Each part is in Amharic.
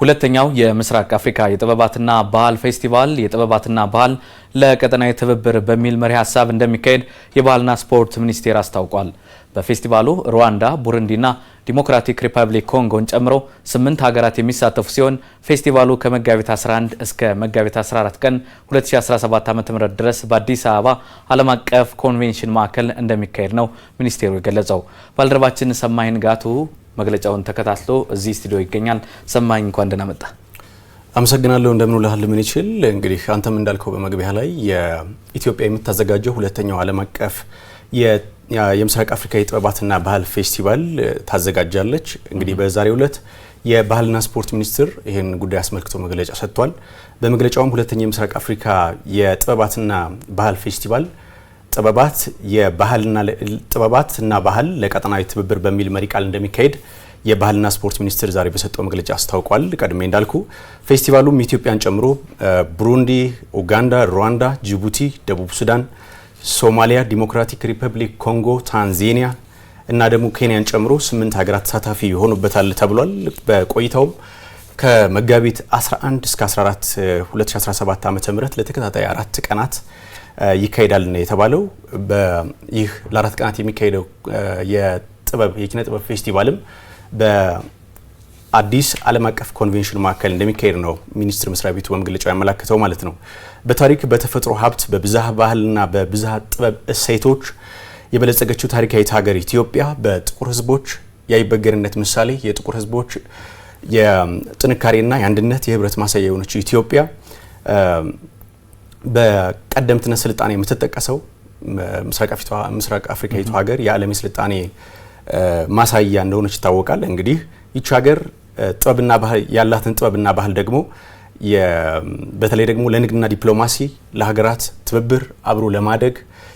ሁለተኛው የምስራቅ አፍሪካ የጥበባትና ባህል ፌስቲቫል የጥበባትና ባህል ለቀጠናዊ ትብብር በሚል መሪ ሀሳብ እንደሚካሄድ የባህልና ስፖርት ሚኒስቴር አስታውቋል። በፌስቲቫሉ ሩዋንዳ፣ ቡሩንዲና ዲሞክራቲክ ሪፐብሊክ ኮንጎን ጨምሮ ስምንት ሀገራት የሚሳተፉ ሲሆን ፌስቲቫሉ ከመጋቢት 11 እስከ መጋቢት 14 ቀን 2017 ዓ ም ድረስ በአዲስ አበባ ዓለም አቀፍ ኮንቬንሽን ማዕከል እንደሚካሄድ ነው ሚኒስቴሩ የገለጸው። ባልደረባችን ሰማይን ጋቱ መግለጫውን ተከታትሎ እዚህ ስቱዲዮ ይገኛል። ሰማኝ እንኳን ደህና መጣ። አመሰግናለሁ። እንደምን ውለሃል? ምን ይችል እንግዲህ አንተም እንዳልከው በመግቢያ ላይ የኢትዮጵያ የምታዘጋጀው ሁለተኛው ዓለም አቀፍ የምስራቅ አፍሪካ የጥበባትና ባህል ፌስቲቫል ታዘጋጃለች። እንግዲህ በዛሬው ዕለት የባህልና ስፖርት ሚኒስትር ይህን ጉዳይ አስመልክቶ መግለጫ ሰጥቷል። በመግለጫውም ሁለተኛው የምስራቅ አፍሪካ የጥበባትና ባህል ፌስቲቫል ጥበባት የባህልና እና ባህል ለቀጠናዊ ትብብር በሚል መሪ ቃል እንደሚካሄድ የባህልና ስፖርት ሚኒስቴር ዛሬ በሰጠው መግለጫ አስታውቋል። ቀድሜ እንዳልኩ ፌስቲቫሉም ኢትዮጵያን ጨምሮ ቡሩንዲ፣ ኡጋንዳ፣ ሩዋንዳ፣ ጅቡቲ፣ ደቡብ ሱዳን፣ ሶማሊያ፣ ዲሞክራቲክ ሪፐብሊክ ኮንጎ፣ ታንዛኒያ እና ደግሞ ኬንያን ጨምሮ ስምንት ሀገራት ተሳታፊ ይሆኑበታል ተብሏል። በቆይታውም ከመጋቢት 11 እስከ 14 2017 ዓ.ም ለተከታታይ አራት ቀናት ይካሄዳል ነው የተባለው። ይህ ለአራት ቀናት የሚካሄደው የጥበብ የኪነ ጥበብ ፌስቲቫልም በአዲስ ዓለም አቀፍ ኮንቬንሽን ማዕከል እንደሚካሄድ ነው ሚኒስቴር መስሪያ ቤቱ በመግለጫው ያመላክተው ማለት ነው። በታሪክ በተፈጥሮ ሀብት በብዝሃ ባህልና በብዝሃ ጥበብ እሴቶች የበለጸገችው ታሪካዊት ሀገር ኢትዮጵያ በጥቁር ህዝቦች የአይበገርነት ምሳሌ የጥቁር ህዝቦች የጥንካሬና የአንድነት የህብረት ማሳያ የሆነችው ኢትዮጵያ በቀደምትነት ስልጣኔ የምትጠቀሰው ምስራቅ አፍሪካዊቷ ሀገር የዓለም የስልጣኔ ማሳያ እንደሆነች ይታወቃል። እንግዲህ ይቺ ሀገር ጥበብና ባህል ያላትን ጥበብና ባህል ደግሞ በተለይ ደግሞ ለንግድና ዲፕሎማሲ፣ ለሀገራት ትብብር አብሮ ለማደግ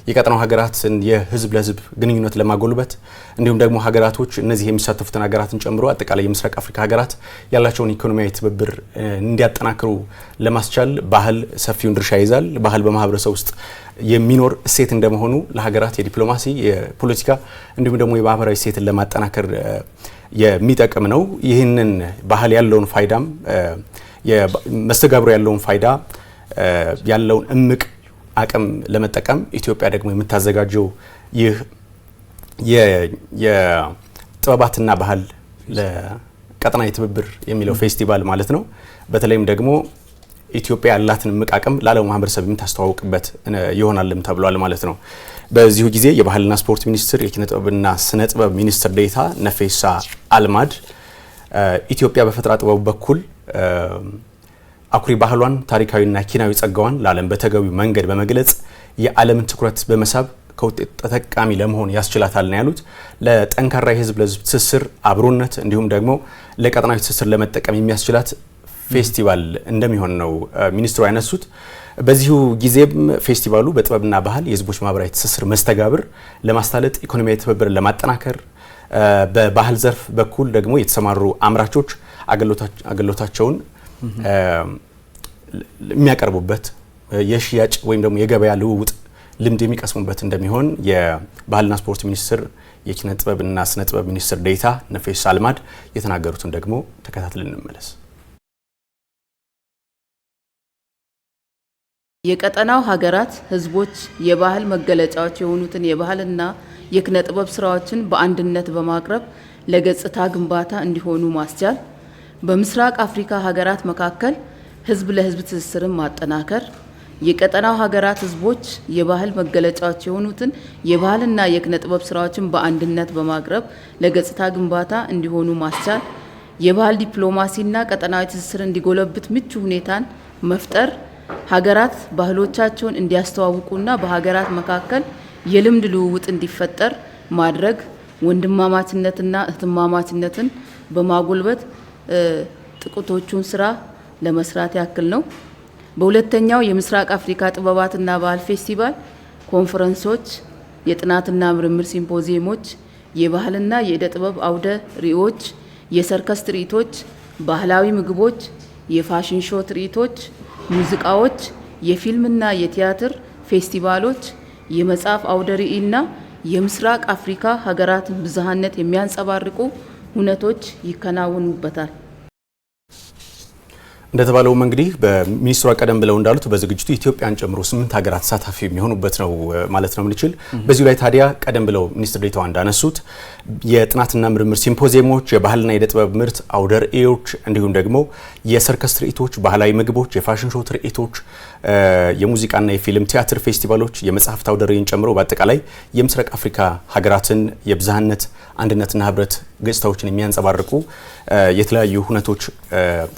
የቀጠናው ሀገራትን የህዝብ ለህዝብ ግንኙነት ለማጎልበት እንዲሁም ደግሞ ሀገራቶች እነዚህ የሚሳተፉትን ሀገራትን ጨምሮ አጠቃላይ የምስራቅ አፍሪካ ሀገራት ያላቸውን ኢኮኖሚያዊ ትብብር እንዲያጠናክሩ ለማስቻል ባህል ሰፊውን ድርሻ ይይዛል። ባህል በማህበረሰብ ውስጥ የሚኖር እሴት እንደመሆኑ ለሀገራት የዲፕሎማሲ የፖለቲካ እንዲሁም ደግሞ የማህበራዊ እሴትን ለማጠናከር የሚጠቅም ነው። ይህንን ባህል ያለውን ፋይዳም መስተጋብሮ ያለውን ፋይዳ ያለውን እምቅ አቅም ለመጠቀም ኢትዮጵያ ደግሞ የምታዘጋጀው ይህ የጥበባትና ባህል ለቀጠናዊ ትብብር የሚለው ፌስቲቫል ማለት ነው። በተለይም ደግሞ ኢትዮጵያ ያላትን እምቅ አቅም ላለው ማህበረሰብ የምታስተዋውቅበት ይሆናልም ተብሏል ማለት ነው። በዚሁ ጊዜ የባህልና ስፖርት ሚኒስትር የኪነ ጥበብና ስነ ጥበብ ሚኒስትር ዴታ ነፌሳ አልማድ ኢትዮጵያ በፈጠራ ጥበቡ በኩል አኩሪ ባህሏን ታሪካዊና ኪናዊ ጸጋዋን ለዓለም በተገቢው መንገድ በመግለጽ የዓለምን ትኩረት በመሳብ ከውጤት ተጠቃሚ ለመሆን ያስችላታል ነው ያሉት። ለጠንካራ የህዝብ ለህዝብ ትስስር አብሮነት፣ እንዲሁም ደግሞ ለቀጠናዊ ትስስር ለመጠቀም የሚያስችላት ፌስቲቫል እንደሚሆን ነው ሚኒስትሩ ያነሱት። በዚሁ ጊዜም ፌስቲቫሉ በጥበብና ባህል የህዝቦች ማህበራዊ ትስስር መስተጋብር ለማስታለጥ ኢኮኖሚያዊ ትብብርን ለማጠናከር በባህል ዘርፍ በኩል ደግሞ የተሰማሩ አምራቾች አገልግሎታቸውን የሚያቀርቡበት የሽያጭ ወይም ደግሞ የገበያ ልውውጥ ልምድ የሚቀስሙበት እንደሚሆን የባህልና ስፖርት ሚኒስትር የኪነ ጥበብና ስነ ጥበብ ሚኒስትር ዴኤታ ነፌስ አልማድ የተናገሩትን ደግሞ ተከታትለን እንመለስ። የቀጠናው ሀገራት ህዝቦች የባህል መገለጫዎች የሆኑትን የባህልና የኪነ ጥበብ ስራዎችን በአንድነት በማቅረብ ለገጽታ ግንባታ እንዲሆኑ ማስቻል በምስራቅ አፍሪካ ሀገራት መካከል ህዝብ ለህዝብ ትስስርን ማጠናከር የቀጠናው ሀገራት ህዝቦች የባህል መገለጫዎች የሆኑትን የባህልና የኪነ ጥበብ ስራዎችን በአንድነት በማቅረብ ለገጽታ ግንባታ እንዲሆኑ ማስቻል፣ የባህል ዲፕሎማሲና ቀጠናዊ ትስስር እንዲጎለብት ምቹ ሁኔታን መፍጠር፣ ሀገራት ባህሎቻቸውን እንዲያስተዋውቁና በሀገራት መካከል የልምድ ልውውጥ እንዲፈጠር ማድረግ፣ ወንድማማችነትና እህትማማችነትን በማጎልበት ጥቁቶቹን ስራ ለመስራት ያክል ነው። በሁለተኛው የምስራቅ አፍሪካ ጥበባትና ባህል ፌስቲቫል ኮንፈረንሶች፣ የጥናትና ምርምር ሲምፖዚየሞች፣ የባህልና የእደ ጥበብ አውደ ርዕዮች፣ የሰርከስ ትርኢቶች፣ ባህላዊ ምግቦች፣ የፋሽን ሾ ትርኢቶች፣ ሙዚቃዎች፣ የፊልምና የቲያትር ፌስቲቫሎች፣ የመጽሐፍ አውደ ርዕይና የምስራቅ አፍሪካ ሀገራትን ብዝሃነት የሚያንጸባርቁ ሁነቶች ይከናውኑበታል። እንደተባለውም እንግዲህ በሚኒስትሯ ቀደም ብለው እንዳሉት በዝግጅቱ ኢትዮጵያን ጨምሮ ስምንት ሀገራት ተሳታፊ የሚሆኑበት ነው ማለት ነው የምንችል። በዚሁ ላይ ታዲያ ቀደም ብለው ሚኒስትር ዴኤታዋ እንዳነሱት የጥናትና ምርምር ሲምፖዚየሞች፣ የባህልና የእደ ጥበብ ምርት አውደ ርዕዮች፣ እንዲሁም ደግሞ የሰርከስ ትርኢቶች፣ ባህላዊ ምግቦች፣ የፋሽን ሾው ትርኢቶች፣ የሙዚቃና የፊልም ቲያትር ፌስቲቫሎች፣ የመጽሐፍት አውደ ርዕይን ጨምሮ በአጠቃላይ የምስራቅ አፍሪካ ሀገራትን የብዝሃነት አንድነትና ህብረት ገጽታዎችን የሚያንጸባርቁ የተለያዩ ሁነቶች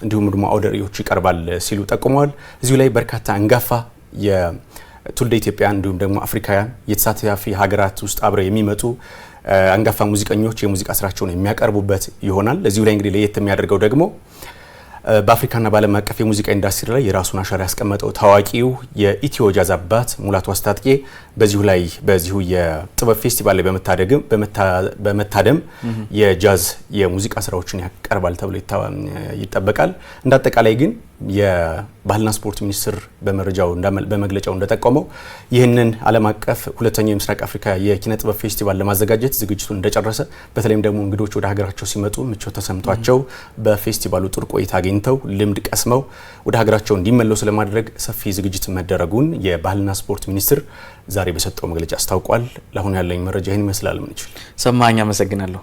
እንዲሁም ደግሞ አውደ ርዕዮች ይቀርባል ሲሉ ጠቁመዋል። እዚሁ ላይ በርካታ አንጋፋ የትውልደ ኢትዮጵያ እንዲሁም ደግሞ አፍሪካውያን የተሳታፊ ሀገራት ውስጥ አብረው የሚመጡ አንጋፋ ሙዚቀኞች የሙዚቃ ስራቸውን የሚያቀርቡበት ይሆናል። እዚሁ ላይ እንግዲህ ለየት የሚያደርገው ደግሞ በአፍሪካና በዓለም አቀፍ የሙዚቃ ኢንዱስትሪ ላይ የራሱን አሻራ ያስቀመጠው ታዋቂው የኢትዮ ጃዝ አባት ሙላቱ አስታጥቄ በዚሁ ላይ በዚሁ የጥበብ ፌስቲቫል ላይ በመታደም የጃዝ የሙዚቃ ስራዎችን ያቀርባል ተብሎ ይጠበቃል። እንደ አጠቃላይ ግን የባህልና ስፖርት ሚኒስቴር በመረጃው በመግለጫው እንደጠቆመው ይህንን ዓለም አቀፍ ሁለተኛው የምስራቅ አፍሪካ የኪነ ጥበብ ፌስቲቫል ለማዘጋጀት ዝግጅቱን እንደጨረሰ በተለይም ደግሞ እንግዶች ወደ ሀገራቸው ሲመጡ ምቾት ተሰምቷቸው በፌስቲቫሉ ጥሩ ቆይታ አግኝተው ልምድ ቀስመው ወደ ሀገራቸው እንዲመለሱ ለማድረግ ሰፊ ዝግጅት መደረጉን የባህልና ስፖርት ሚኒስቴር ዛሬ በሰጠው መግለጫ አስታውቋል። ለአሁኑ ያለኝ መረጃ ይህን ይመስላል። ምንችል ሰማኝ፣ አመሰግናለሁ።